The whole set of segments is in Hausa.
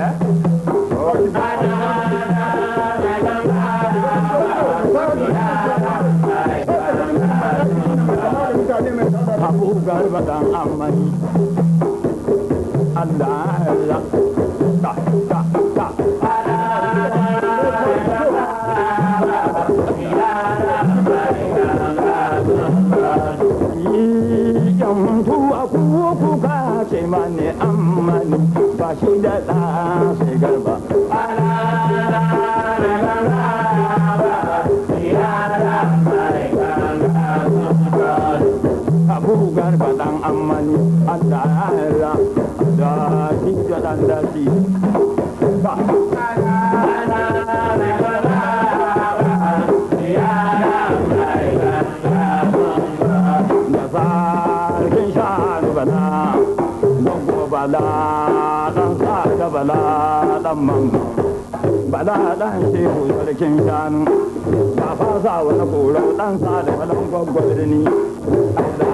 Abu Garba dan Allah Allah ce mani amani ba shi da bugar garba amani ammani allah ya hera da hijja dan ba bala dan sa ka bala dan manga bala dan shehu sarkin shanu ba fasa wani koro dan sa da balan gwaggwar ni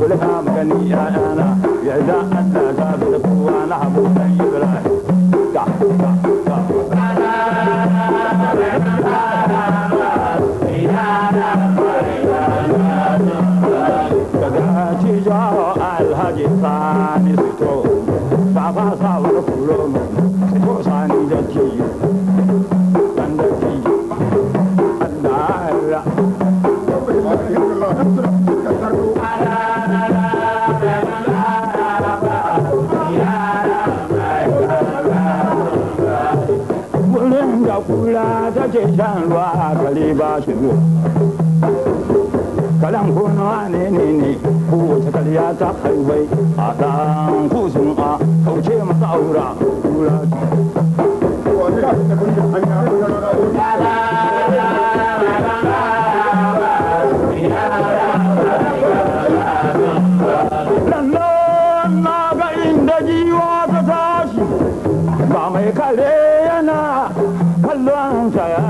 kula ta magani ya'yana yarda Allah da kowa na abokan Ibrahim ga alhaji sani sito, safa sawar kulomin, sani da ba shi biyu kalan gona ne ne ne kowace karya ta haibai a ɗan kusin a kauce masa aura kura Lallan na ga inda jiwa ta tashi ba mai kare yana kallon sa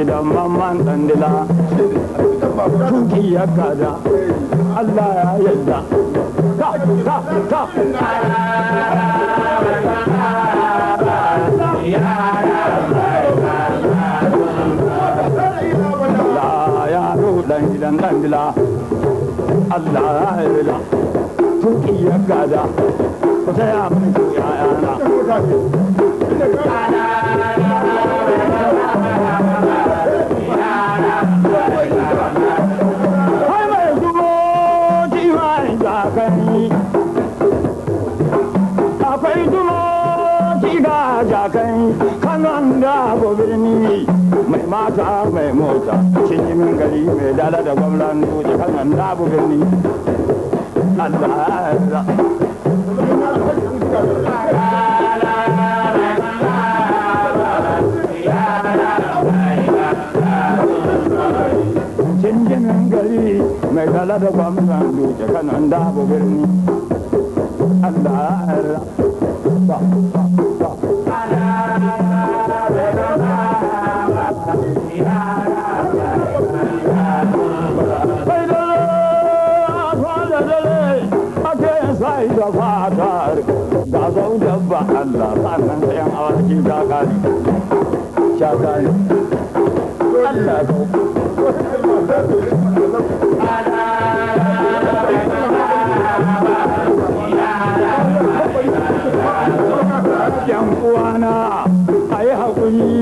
gidan mamman dandila tuki ya kada allah ya yadda ta ta ta dan gidan dandila allah ya yadda tuki ya kada ku saya ya yana mata mai mota cikin min gari mai dala da gwamnan doji kan nan da bu birni Allah Allah Cinjinin gari mai dala da gwamnan doji kan nan da bu ta kare sha kare Allah yan a yi haƙuri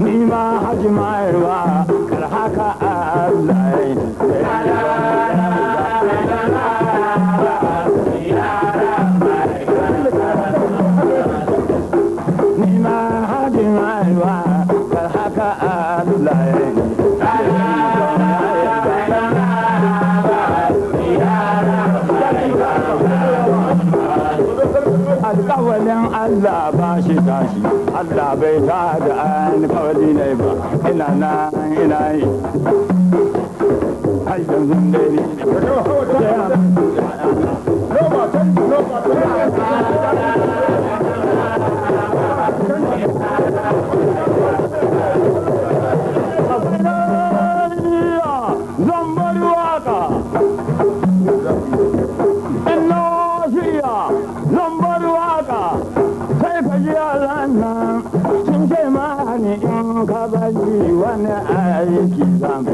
nima hajji mayarwa kar haka Allah ya alƙawalin Allah ba shi tashi Allah bai ta da kawali ne ba ina na ina yi har yanzu ne ne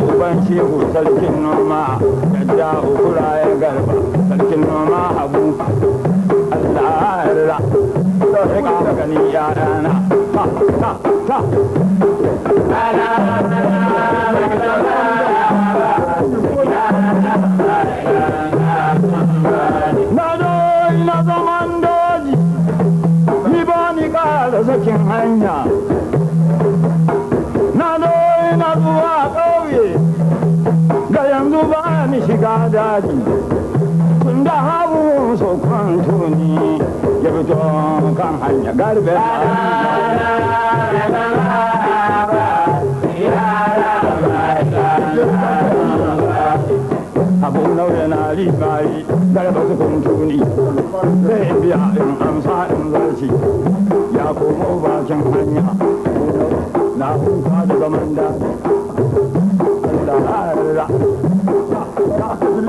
uban shehu sarkin noma da ukura ya garba sarkin noma abu Allah ya rira gani ya rana ha ha ha na doji ni bani da sakin hanya ni shiga daji da habu so kwanto ni ya fito kan hanya garbe Abu nauyi na ribari garba su kwanto ni zai biya in amsa in zarci ya komo bakin hanya na kuka daga manda Allah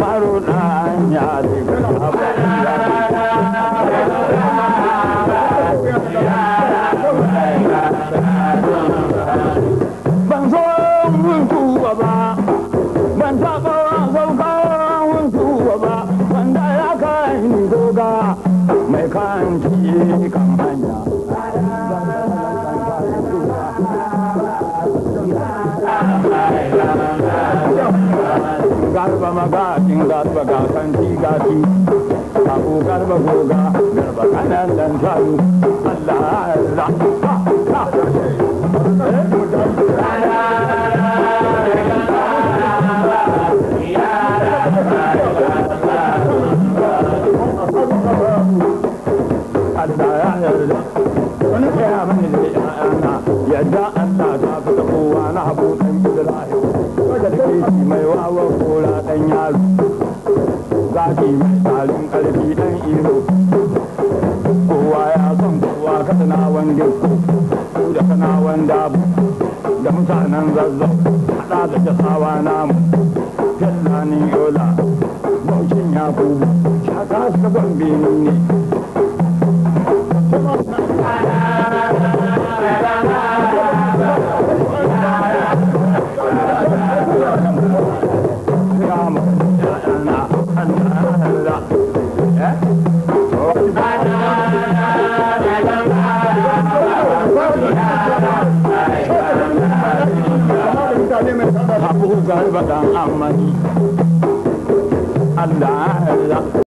मारो garba magacin garba ga kanti abu garba goga garba kanan dan talu Allah Allah da kanawan dabu da mutanen zazzau haɗa da jasawa namu ni yola baucin ya kubu shaka suka ne